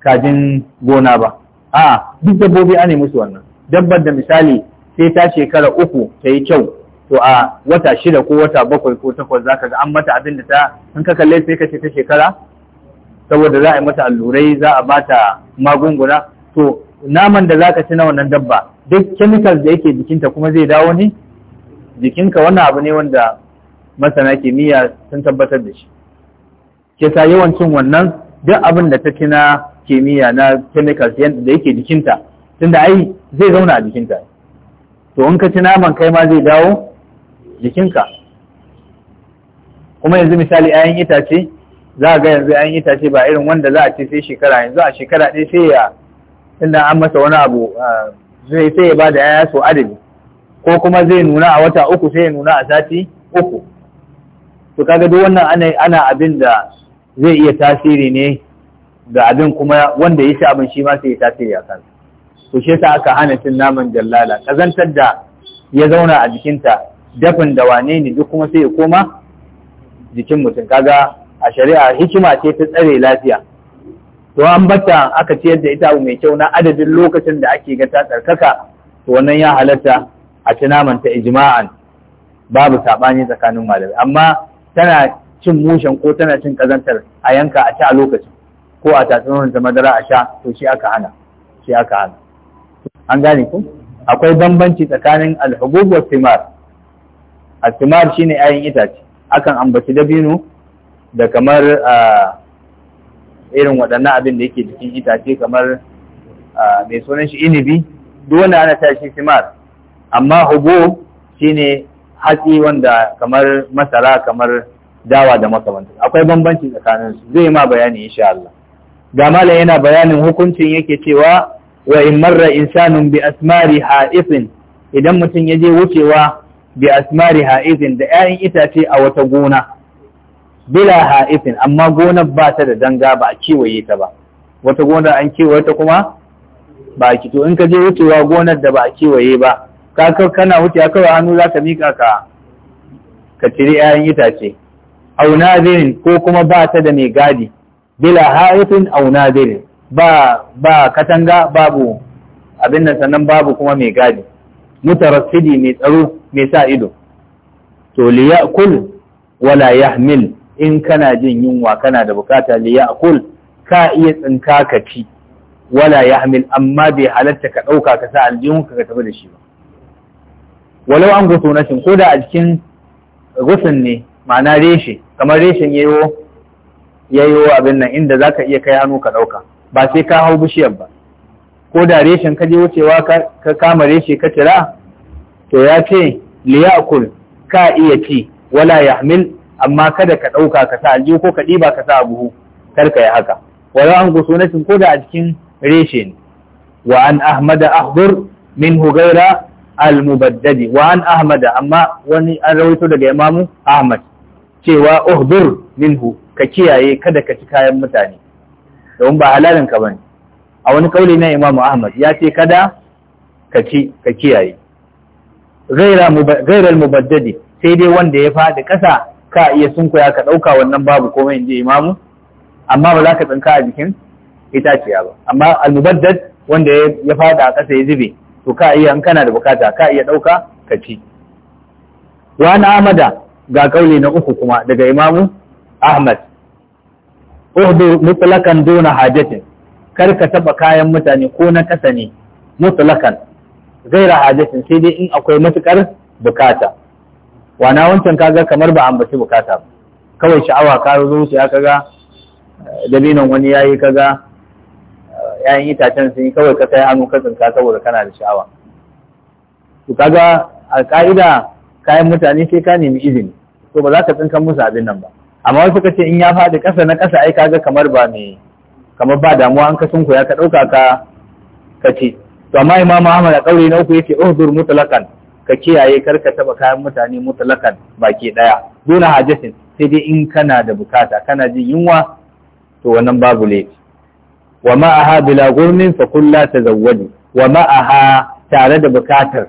kajin gona ba a'a duk dabbobi ana musu wannan dabbar da misali sai ta shekara uku ta yi kyau to a wata shida ko wata bakwai ko takwas za ka ga an mata abin da ta in ka kalle sai ka ce ta shekara saboda za a yi mata allurai za a bata magunguna to naman da za ka ci na wannan dabba duk chemicals da yake jikinta kuma zai dawo ne jikinka wannan abu ne wanda masana kimiyya sun tabbatar da shi ke sa yawancin wannan duk abin da ta ci na kimiyya na chemicals da yake jikinta tunda ai zai zauna a jikinta to in ka ci naman kai ma zai dawo jikinka kuma yanzu misali ayan itace za a ga yanzu ayan itace ba irin wanda za a ce sai shekara yanzu a shekara ɗaya sai ya inda an masa wani abu sai ya ba da 'ya'ya so adadi ko kuma zai nuna a wata uku sai ya nuna a sati uku to kaga duk wannan ana ana abin da zai iya tasiri ne ga abin kuma wanda ya ci abin shi ma sai ya tasiri a kansa to shi yasa aka hana cin naman jallala kazantar da ya zauna a jikinta dafin da wane ne duk kuma sai ya koma jikin mutum kaga a shari'a hikima ce ta tsare lafiya to an bata aka ciyar da ita mai kyau na adadin lokacin da ake ga ta tsarkaka to wannan ya halatta a ci naman ta ijma'an babu saɓani tsakanin malamai amma tana cin mushen ko tana cin kazantar a yanka a ci a lokacin ko a tatsunan ta madara a sha to shi aka hana shi aka hana an gane ku akwai bambanci tsakanin alhubub wa thimar al-thimar shine ayin itace akan ambaci dabino da kamar irin waɗannan abin da yake jikin itace kamar mai sunan shi inibi duk wanda ana ta shi thimar amma hubub shine hatsi wanda kamar masara kamar dawa da makamanta akwai bambanci tsakanin su zai ma bayani insha Allah ga malam yana bayanin hukuncin yake cewa wa in marra insanun bi asmari ha'ifin idan mutum ya je wucewa bi asmari ha'ifin da 'ya'yan itace a wata gona bila ha'ifin amma gonar ba ta da danga ba a kewaye ta ba wata gona an kewaye ta kuma ba a to in ka je wucewa gonar da ba a kewaye ba ka kana wuce kawai hannu za ka mika ka ka ciri 'ya'yan itace au nazirin ko kuma ba ta da mai gadi bila haifin au nazirin ba katanga babu abin nan sannan babu kuma mai gadi mutarassidi mai tsaro mai sa ido to ya’kul wala yahmil in kana jin yunwa kana da bukata ya’kul ka iya tsinka ka ci wala yahmil amma bai halatta ka ɗauka ka sa aljihunka ka tafi da shi ba walau an gusu na shin ko da a cikin gusun ne ma'ana reshe kamar reshen yayo yayo abin nan inda zaka iya kai hannu ka ɗauka ba sai ka hau bishiyar ba ko da reshen ka je wucewa ka kama reshe ka tira to ya ce liyakul ka iya ci wala yahmil amma kada ka ɗauka ka sa aljihu ko ka ɗiba ka sa buhu kar ka yi haka walau an gusu na shin ko da a cikin reshe ne wa an ahmada ahdur min hugaira al-mubaddadi wa an ahmad amma wani an rawaito daga imamu ahmad cewa uhdur minhu ka kiyaye kada ka ci kayan mutane domin ba halalin ka bane a wani kauli na imamu ahmad ya ce kada ka ci ka kiyaye gairar mubaddadi sai dai wanda ya faɗi ƙasa ka iya sunkuya ka ɗauka wannan babu komai inji imamu amma ba za ka tsinka a jikin itaciya ba amma almubaddad wanda ya faɗi a ƙasa ya zube to ka iya in kana da bukata ka iya ɗauka ka ci wa na amada ga kauli na uku kuma daga imamu ahmad uhdu mutlakan duna hajatin kar ka taɓa kayan mutane ko na ƙasa ne mutlakan gaira hajatin sai dai in akwai matukar bukata wana wancan kaga kamar ba ambaci bukata ba kawai sha'awa ka zo ya kaga eh, dabinon wani yayi kaga ‘ya'yan itacen sun yi kawai ka kai hannu ka tsinka saboda kana da sha'awa to kaga a ka'ida kayan mutane sai ka nemi izini to ba za ka tsinka musu abin nan ba amma wasu ka ce in ya faɗi ƙasa na ƙasa ai kaga kamar ba mai kamar ba damuwa an ka koya ka ɗauka ka ka ce to amma imam Muhammad a ƙauri na uku yace uhdur mutlaqan ka kiyaye kar ka taba kayan mutane mutlaqan baki ɗaya dole hajjatin sai dai in kana da bukata kana jin yunwa to wannan babu laifi wa ma'aha bila gurmin fa kulla tazawwaju wa ma'aha tare da bukatar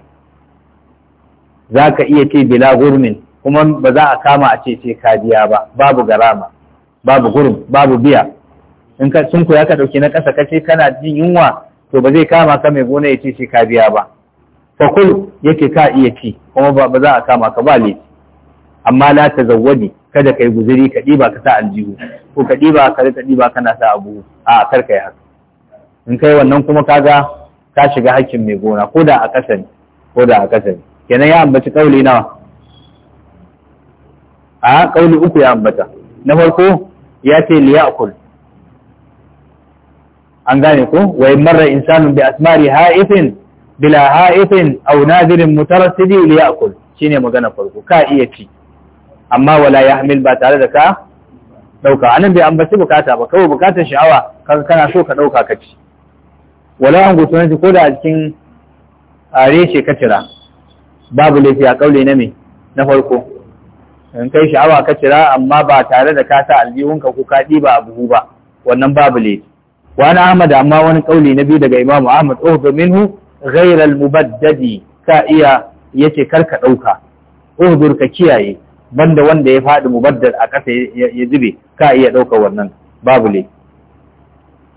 ka iya ce bila gurmin kuma ba za a kama a ce ce ba babu garama babu gurm babu biya in ka sun ka dauke na kasa kace kana jin yunwa to ba zai kama ka mai gona ya ce ce ka ba fa kul yake ka iya ci kuma ba za a kama ka ba laifi amma la tazawwadi kada kai guzuri ka ɗiba ka sa aljihu ko ka ɗiba ka rika ɗiba kana sa abu a kar ka yi haka in kai wannan kuma kaga ka shiga hakkin mai gona ko da a ƙasa ne ko da a ƙasa ne kenan ya ambaci kauli nawa a kauli uku ya ambata na farko ya ce liya akul an gane ko wai marra insanun bi asmari ha'ifin bila ha'ifin aw nadirin mutarassidi akul shine magana farko ka iya ci amma wala yahmil ba tare da ka ɗauka anan bai ambaci bukata ba kawai bukatar sha'awa kaga kana so ka ɗauka ka ci wala an gutu ko da a cikin reshe ka cira babu laifi a kaule na me na farko in kai sha'awa ka cira amma ba tare da ka sa aljihunka ko ka ɗiba a buhu ba wannan babu laifi wani ahmad amma wani kauli na biyu daga imamu ahmad uhdu minhu ghairal mubaddadi ka iya yace ka ɗauka uhdur ka kiyaye banda wanda ya faɗi mubaddal a ƙasa ya zube ka iya ɗaukar wannan babu ne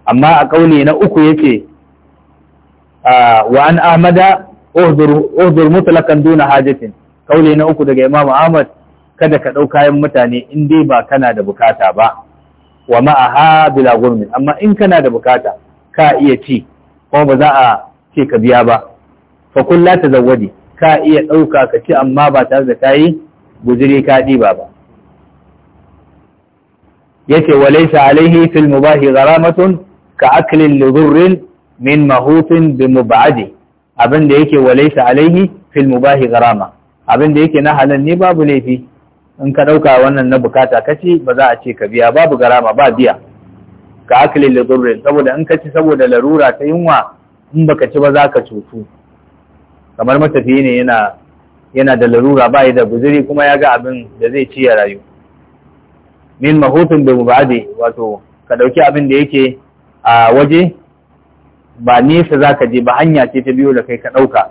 amma a ƙauni na uku yake wa an amada uhdur mutalakan duna hajatin ƙauni na uku daga Imam'u ahmad kada ka ɗauka kayan mutane in dai ba kana da bukata ba wa ma'aha bila gurmin amma in kana da bukata ka iya ci kuma ba za a ce ka biya ba fa kullata zawadi, ka iya ɗauka ka ci amma ba tare da kayi guziri ka ɗiba ba yace walaisa alaihi fil mubahi gharamatun ka aklin lidurrin min mahufin bi mubadi abin da yake walaysa alaihi fil mubahi gharama abin yake na halin ne babu laifi in ka ɗauka wannan na bukata kaci ba za a ce ka biya babu garama ba biya ka aklin lidurrin saboda in ka ci saboda larura ta yunwa in baka ci ba za ka cutu kamar matafiyi ne yana yana da larura ba da guzuri kuma ya ga abin da zai ci ya rayu min mahufin da mubade wato ka ɗauki abin da yake a waje ba nesa za ka je ba hanya ce ta biyo da kai ka ɗauka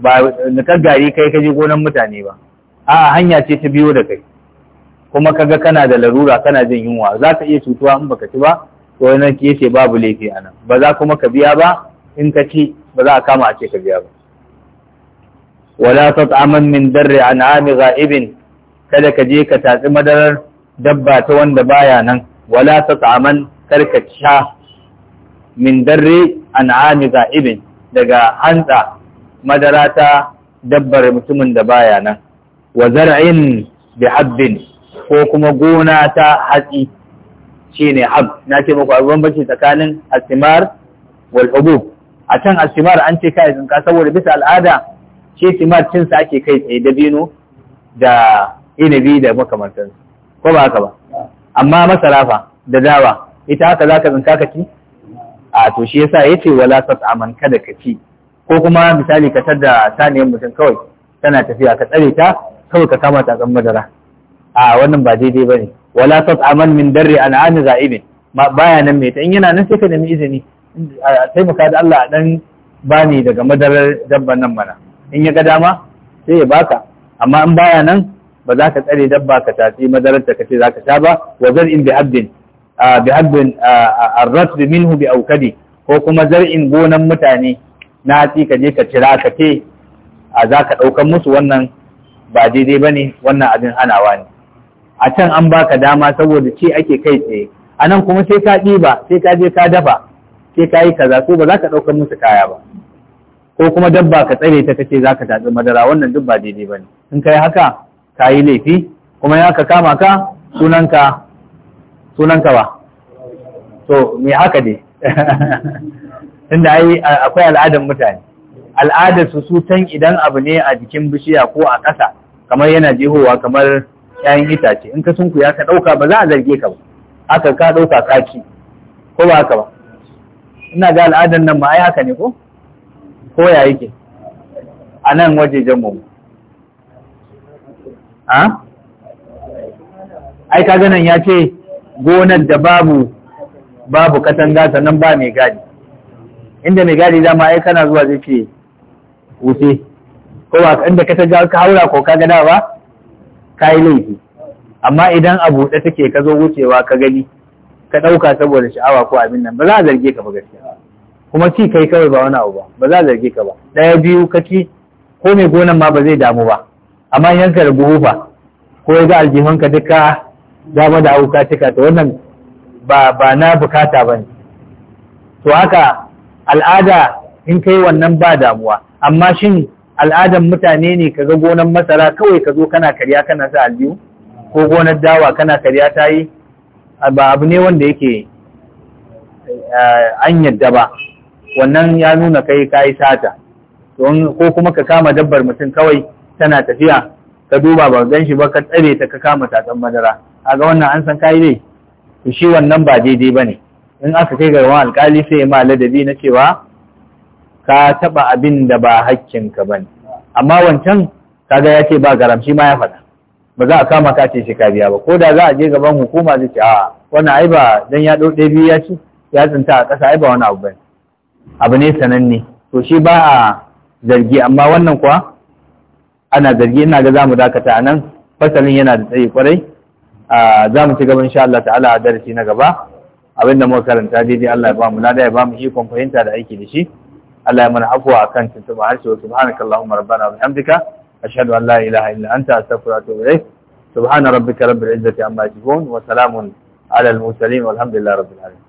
ba nukar gari kai ka je gonan mutane ba a hanya ce ta biyo da kai kuma kaga kana da larura kana jin yunwa za ka iya cutuwa in baka ci ba Ko wani ya babu laifi a nan ba za kuma ka biya ba in ka ci ba za a kama a ce ka biya ba wala tat'aman min darri an'ami ghaibin kada ka je ka tatsi madarar dabba ta wanda baya nan wala tat'aman karka sha min darri an'ami ghaibin daga hantsa madara ta dabbar mutumin da baya nan wa zar'in bi habbin ko kuma gona ta hatsi shine hab na ce muku abubuwan bace tsakanin asimar wal hubub a can asimar an ce kai zinka saboda bisa al'ada shi timar cinsa ake kai tsaye dabino da inabi da makamantansu ko ba haka ba amma masara fa da dawa ita haka za ka tsinka ka ci a to shi yasa ya ce wala aman kada ka ci ko kuma misali ka tada saniyar mutum kawai tana tafiya ka tsare ta kawai ka kama ta kan madara a wannan ba daidai ba ne wala aman min darri an'ani za'ibin baya nan mai ta in yana nan sai ka nemi izini a taimaka da Allah a dan bani daga madarar dabban nan mana in ya ga dama sai ya baka amma in baya nan ba za ka tsare dabba ka tafi madarar ta kace za ka sha ba wa zar'in bi abdin bi abdin ar-ratb minhu bi awkadi ko kuma zar'in gonan mutane na ci ka je ka cira ka ce a za ka ɗaukan musu wannan ba daidai ba ne wannan abin hanawa ne a can an baka dama saboda ce ake kai tsaye a nan kuma sai ka ɗiba sai ka je ka dafa sai ka yi kaza ko ba za ka ɗaukar musu kaya ba ko kuma dabba ka tsare ta kace zaka tatsi madara wannan duk ba daidai bane in kai haka kayi laifi kuma ya ka kama ka sunanka sunanka ba to me haka dai tunda ai akwai al'adar mutane al'adar su sutan idan abu ne a jikin bishiya ko a ƙasa kamar yana jehowa kamar 'ya'yan itace in ka ya ka ɗauka ba za a zarge ka ba haka ka ɗauka kaki ko ba haka ba ina ga al'adar nan ma ai haka ne ko ko ya yake a nan wajejen mu a? ai kaga nan ya ce gonar da babu babu katanga sannan ba mai gadi inda mai gadi dama ai kana zuwa zai ce wuce ko ba inda katanga ka haura ko ka gada ba ka yi laifi amma idan abu da take ka zo wucewa ka gani ka ɗauka saboda sha'awa ko abin nan ba za a zarge ka ba gaskiya kuma ci kai kawai ba wani abu ba ba za a zarge ka ba ɗaya biyu ka ci ko mai gonan ma ba zai damu ba amma yanka da buhu fa ko ya ga aljihunka duka dama da ka cika ta wannan ba na bukata ba ne to haka al'ada in kai wannan ba damuwa amma shin al'adan mutane ne kaga gonan masara kawai ka zo kana karya kana sa aljihu ko gonar dawa kana karya ta yi ba abu ne wanda yake eh, an yadda ba wannan ya nuna kai ka yi sata ko kuma ka kama dabbar mutum kawai tana tafiya ka duba ba gan shi ba ka tsare ta ka kama tatsan madara a ga wannan an san kayi ne to shi wannan ba daidai ba ne in aka kai ga yawan alkali sai ma ladabi na cewa ka taɓa abin da ba ka ba ne amma wancan kaga ya ce ba garam shi ma ya faɗa ba za a kama ka ce shi ka biya ba ko da za a je gaban hukuma zai ce a wannan ai ba dan ya ɗau ɗaya biyu ya ci ya tsinta a ƙasa ai ba wani abu ne abu ne sananne to shi ba a zargi amma wannan kuwa ana zargi ina ga zamu dakata a nan fasalin yana da tsayi kwarai za mu ci gaba insha Allah ta'ala a darasi na gaba abinda muka karanta daidai Allah ya ba mu lada ya ba mu ikon fahimta da aiki da shi Allah ya mana afuwa akan tuntuba harshe wa subhanaka allahumma rabbana wa bihamdika ashhadu an la ilaha illa anta astaghfiruka wa atubu ilayk subhana rabbika rabbil izzati amma yasifun wa salamun ala al mursalin walhamdulillahi rabbil alamin